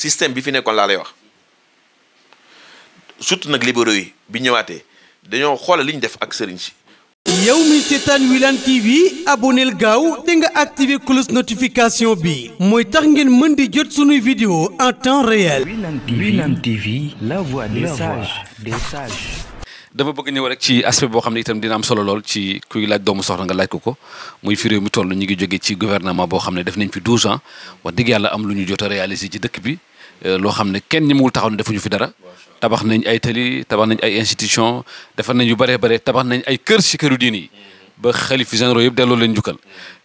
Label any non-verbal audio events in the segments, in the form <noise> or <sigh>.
système bi fi nekkoon laa lay wax surtout nag libéraux yi bi ñëwaatee dañoo xoola li ñu def ak sëriñ si. yow mi seetaan Wilane TV aboneel gaaw te nga activé cloche notification bi mooy tax ngeen mën di jot sunuy vidéo en temps réel. Wilane TV la voix des sages des sages. dafa bëgg ñëw rek ci aspect boo xam ne itam dina am solo lool ci kuy laaj doomu soxna nga laaj ko ko muy fi réew mi toll ñu ngi jóge ci gouvernement boo xam ne def nañ fi 12 ans wax dëgg yàlla am lu ñu jot a réaliser ci dëkk bi Euh, loo xam ne kenn ñemewul taxaw ne defuñu fi dara tabax nañ ay tali tabax nañ ay institution defar nañ yu bare bare tabax nañ ay kër si këru diin yi ba xalif généraux yëpp delloo leen jukkal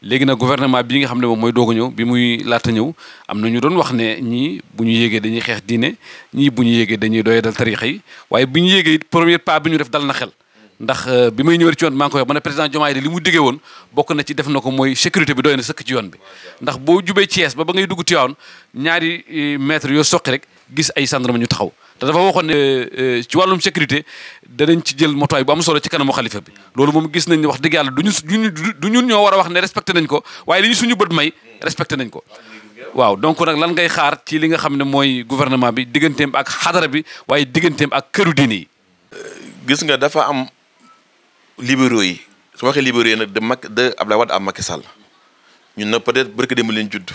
léegi nag gouvernement bii nga xam ne moom mooy doog a ñëw bi muy laata ñëw am na ñu doon wax ne ñii bu ñu yéegee dañuy xeex diine ñii bu ñu yéegee dañuy doyee dal tariix yi waaye bu ñu yéegee it premier pas bi ñu def dal na xel ndax euh, bi may ñëwee ci yoon man maa ngi koy wax président Diomaye di li mu diggee woon bokk na ci def na ko mooy sécurité bi doy na sëkk ci yoon bi ndax boo jubee Thiès ba ba ngay dugg Tivaouane ñaari euh, mètres yoo soqi rek gis ay gendarme ñu taxaw te dafa waxoon ne euh, ci wàllum sécurité danañ ci jël motuwaay bu am solo ci kanamu xalifa bi loolu moom gis nañ ne wax dëgg yàlla du ñu du ñun ñoo war a wax ne respecté nañ ko waaye li ñu suñu bët may respecté nañ ko waaw donc nag lan ngay xaar ci li nga xam ne mooy gouvernement bi digganteem ak xadara bi waaye digganteem ak këru diine yi gis nga dafa am libéraux yi su waxee libéraux yi nag de Macky de Abdoulaye Wade am Macky Sall ñun nag peut être barke dem leen juddu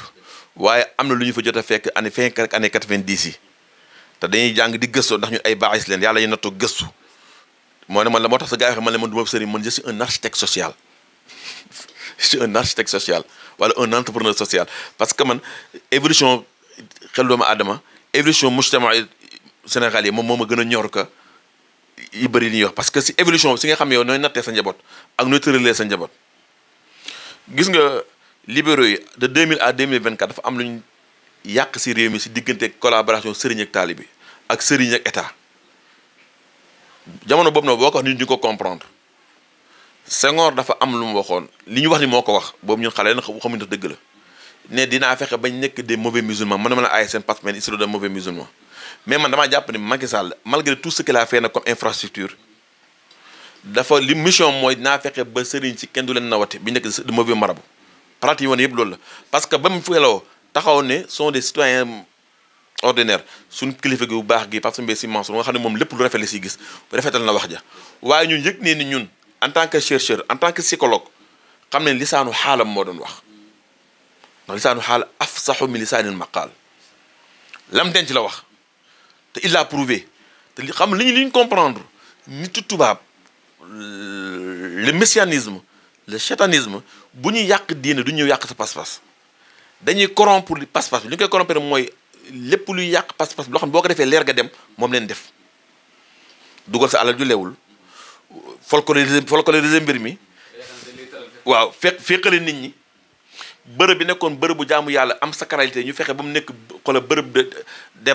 waaye am na lu ñu fa jot a fekk année fin ak année quatre-vingt-dix yi te dañuy jàng di gëstoo ndax ñu ay baaxis leen yàlla ñu nattoo gëstu moo ne man la moo tax sa gars yi man la man du ma sëriñ man je suis un architecte social <laughs> je suis un social wala un entrepreneur social parce que man évolution xel aadama évolution mujtama Sénégal yi moom moo ma gën a ñor ka yi bëri li ñuy wax parce que si évolution si nga xam yow nooy nattee sa njaboot ak nooy tëralee sa njaboot gis nga libéraux yi de mil à 2024 dafa am lu ñu yàq si réew mi si diggante collaboration sëriñ ak taalibe bi ak sëriñ ak état jamono boobu nag boo ko wax nit ñi ko comprendre Senghor dafa am lu mu waxoon li ñu wax ni moo ko wax boobu ñu xale na xamuñu tax dëgg la ne dinaa fexe bañ nekk des mauvais musulmans man ma la ay seen passe mais mais man dama jàpp ni Macky Sall malgré tout ce qu'il a fait na comme infrastructure dafa li mission moy na fexe ba serigne ci kenn du leen nawate bi nek de mauvais marabu prat yi won yeb lol la parce que bam fuelo taxaw ne sont des citoyens ordinaires suñ kilifa gu bax gi parce que mbé si Mansour nga xamné mom lépp lu rafet la ci gis rafetal na wax ja waaye ñun yek nee ni ñun en tant que chercheur en tant que psychologue xam ne lisaanu xaalam moo doon wax ndax lisaanu xaal afsaxu min lisanil maqal lam denc la wax il l'a prouvé te li xam li ñu comprendre nitu tubaab euh, le messianisme le chatanisme bu yak yàq diine du ñëw yàq sa pas-pas dañuy corrompre li pas-pas bi li ñu koy corrompre mooy lépp luy yàq pas-pas bi xam ne boo ko ga dem moom leen def dugal sa alal ju leewul folkloriser folkloriser mbir mi waaw fekk fekkale nit ñi bërëb bi nekkoon bërëb bu jaamu yàlla am sacralité ñu fexe ba mu nekk xoolal bërëb de d'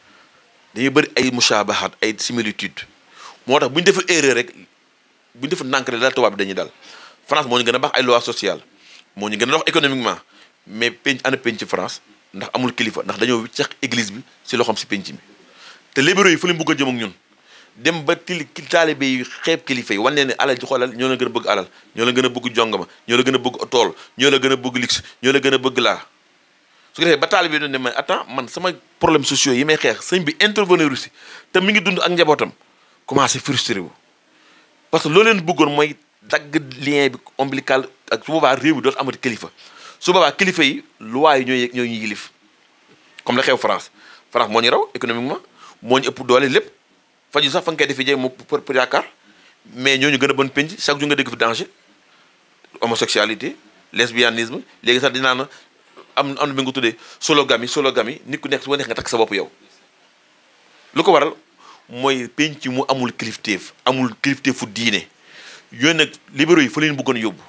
dañuy bëri ay mushabahat ay similitude moo tax bu ñu defee erreur rek bu ñu defee nànk rek daal tubaab bi dañuy dal France moo ñu gën a baax ay loi sociale moo ñu gën a dox économiquement mais penc ana penc ci France ndax amul kilifa ndax dañoo cax église bi si loxoom si penc mi te libéraux yi fu leen bëgg a jëm ñun dem ba til taalibe yi xeeb kilifa yi wan ne alal ji xoolal ñoo la gën a bëgg alal ñoo la gën a bëgg jongama ñoo la gën a bëgg tool ñoo la gën a bëgg luxe ñoo la gën a bëgg laa su ko defee ba taalibe doon ne mais attends man sama problème sociaux yi may xeex sëñ bi intervenir aussi te mi ngi dund ak njabotam commencé frustré wu parce que lo leen bëggoon mooy dagg lien bi ombilical ak su boobaa réew bi dootu amati kilifa su boobaa kilifa yi loi yi ñooy ñooy ñu yilif comme la xew France France moo ñu raw économiquement moo ñu ëpp doole lépp faju sax fa nga koy defee jéem pour pour yaakaar mais ñooñu gën a bon penc chaque jour nga dégg fi danger homosexualité lesbianisme léegi sax dinaa na am am na mi solo gami sologami sologami nit ku nek su ko neex nga takk sa ko waral penc mu amul kilifteef amul kilifteefu diine yooyu nag libéraux yi fa leen bëggoon yóbbu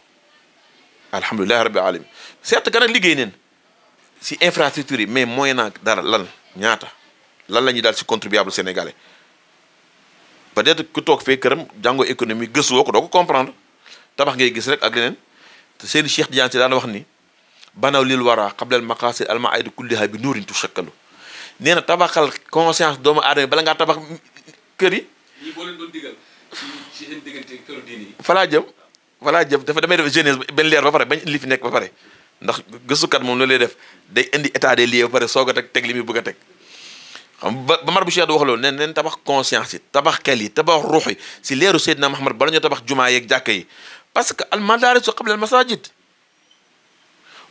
alhamdulilahi rabbil alamin kan liggéey si infrastructure yi mais nyata, naa dara lan ñaata lan la ñuy daal si contribuable sénégalais peut-être ku tok fe këram jango économie gëstu ko ko comprendre tabax ngay gis rek ak leneen te seen Cheikh daan wax ni banaw lil wara xablal maqasid alma aydu kulliha bi nuurin tushakkalu nee na tabaxal conscience doomu aadama bala ngaa tabax kër yi. ñii boo leen doon digal ci ci seen diggante yi. falaa jëm falaa jëm dafa damay def jeunesse benn leer ba pare bañ li fi nekk ba pare ndax gëstukat moom loolu lay def day indi état des lieux ba pare soog a teg teg li muy teg. xam ba ba mar bu Cheikh wax loolu neen neen tabax conscience yi tabax xel yi tabax ruux yi si leeru Seydina Mahamad bala ñu tabax jumaa yeeg jàkka yi parce que al madaris qabla al masajid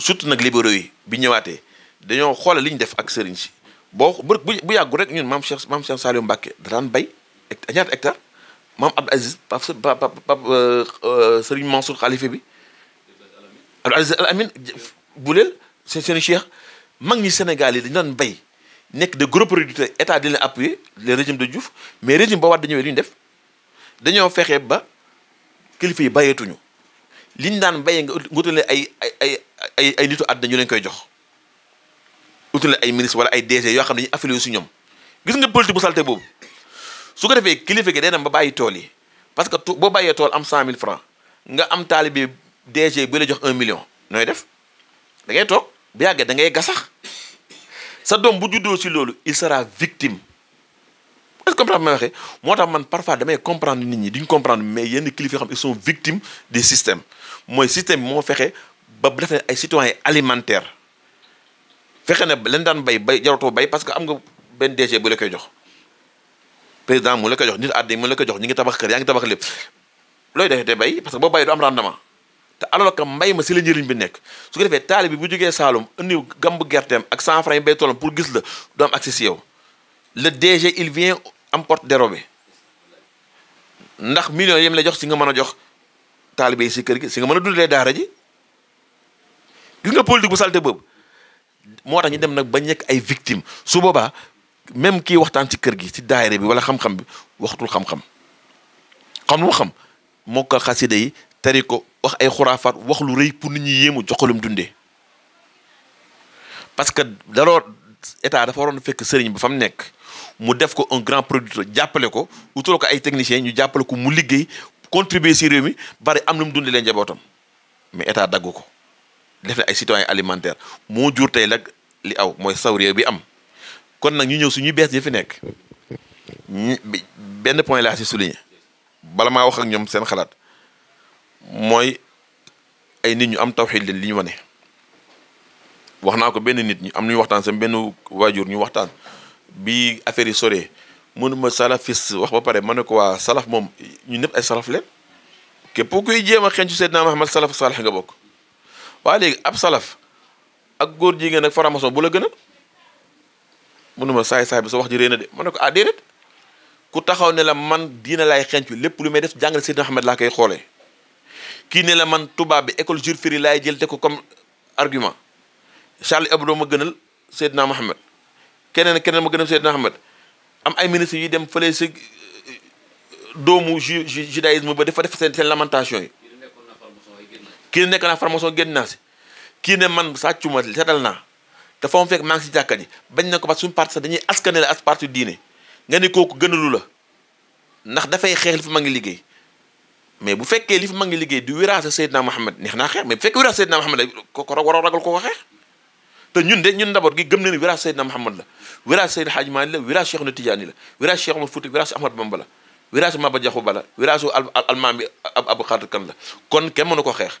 surtout nak libéraux yi bi ñëwaatee dañoo xoolal li ñu def ak sëriñ si bo bu bu yàggu rek ñun maam Cheikh maam Cheikh Saliou Mbacke da daan bay ñaata hectare maam Abdou Aziz Pape Pape euh, euh, sëriñ Mansour xalife bi Abdou Aziz Al Amin buleel seen seen cheikh mag ñi Sénégal yi dañu daan bay nekk de gros producteurs état di leen appuyer le régime de Diouf mais régime ba Wade dañu lu ñu def dañoo fexe ba kilifa yi bayeetuñu liñ daan bayee nga utalee ay ay ay ay ay nitu àddina ñu leen koy jox utul ay ministre wala ay DG yo xamni ne ñu affilié su ñoom gis nga politique bu salté boobu su ko défé kilifa gi day ba bàyyi tool yi parce que bo bàyyee tool am 100000 francs nga am talibé DG bi la jox 1 million noy def da ngay tok bu yàggee da ngay gasax sa dom bu juddoo ci lolu il sera victime est comprendre ma waxee moo man parfois damay comprendre nit ñi duñ comprendre mais yenn kilifa yoo xam ils sont victimes des systèmes moy système mo fexé ba def ne ay citoyen alimentaire fexe ne leen daan bay bay jaratoo bay parce que am nga benn DG bu la koy jox président mu la koy jox nit àddi mu la koy jox ñu ngi tabax kër yaa ngi tabax lépp looy defee te bay parce que boo bay du am rendement te alors que mbay ma si la njëriñ bi nekk su ko defee taali bi bu jógee Saalum indi gamb gerteem ak 100 francs yi bay tollam pour gis la du am accès yow le DG il vient am porte dérobée ndax millions yi lay jox si nga mën a jox taalibe yi si kër gi si nga mën a dundalee daara ji gis nga politique bu salté boobu moo tax ñu dem nag ba nekk ay victime su boobaa même kii waxtaan ci kër gi ci daayira bi wala xam-xam bi waxtul xam-xam xam lu mu xam mokkal xasida yi tari ko wax ay xuraafaat wax lu rëy pour nit ñi yéemu jox ko lu mu dundee parce que daloo état dafa waroon fekk sëriñ bi fa mu nekk mu def ko un grand producteur jàppale ko utal ko ay techniciens ñu jàppale ko mu liggéey contribuer si réew mi bari am lu mu dundee leen njabootam mais état dagg ko. def na ay citoyen alimentaire moo jur tey nag li aw mooy saw réew bi am kon nag ñu ñëw suñuy bees yi fi nekk benn point laa si souligné bala maa wax ak ñoom seen xalaat mooy ay nit ñu am tawxiid leen li ñu wane wax naa ko benn nit ñu am lu ñu waxtaan sama benn waajur ñu waxtaan bi affaire yi soree mënuma salafis wax ba pare ma ne ko waa salaf moom ñu ñëpp ay salaf leen képp kuy jéem a xencu Seydina Muhammad salaf saalax nga bokk waa léegi ab salaf ak góor jigéen ak franc-maçon bu la gën a munuma saay saay bi sa wax ji réena de ma ne ko ah déedéet ku taxaw ne la man diina laay xenc lépp lu may def jàngale Seydina Muhammad laa koy xoolee kii ne la man tubaab bi école Jules Ferry laay jël te ko comme argument Charlie Hebdo ma gënal Seydina Muhammad keneen keneen ma gënal na Muhammad am ay ministres yi dem fële si eh, doomu ju judaïsme ba defa def seen seen lamentation yi kii ne nekk naa formation génn naa si kii ne man sàccuma setal naa te fa mu fekk maa ngi si jàkka ji bañ na ko ba suñu parti sax dañuy askane la as parti diine nga ni kooku gënalu la ndax dafay xeex li fi ma ngi liggéey mais bu fekkee li fi ma ngi liggéey du wiraase Seydina Mohamed neex naa xeex mais bu fekkee wiraase Seydina Mohamed ko ko waroo ragal ko ko xeex te ñun de ñun d'abord gi gëm ne ni wiraase Seydina Mohamed la wiraase Seydina Hadji Malick la wiraase Cheikh na Tidiane la wiraase Cheikh Omar Fouti wiraase Ahmad Bamba la wiraase Maba Diakhou Ba la wiraase almaam bi Abou Khadre Kane la kon kenn mënu ko xeex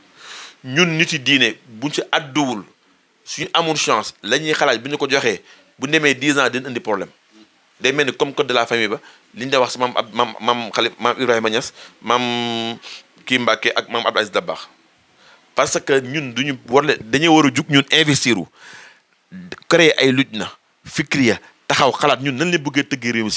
Nous, nit sommes buñ ci àdduwul suñu chance les xalaaj buñ ko joxé bu demee 10 ans problèmes Nous problème day melni comme code de la famille ba da wax mam mam mam parce que nous duñu dañuy investir créer ay fikriya taxaw xalaat ñun nan la bëgge des réew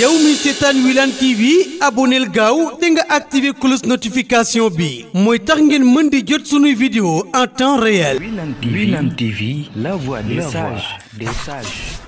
Yo mi Tan wilan TV abonnez-vous te nga activer notification bi mooy tax ngeen mën di jot vidéo en temps réel Wilan TV la voix des sages des sages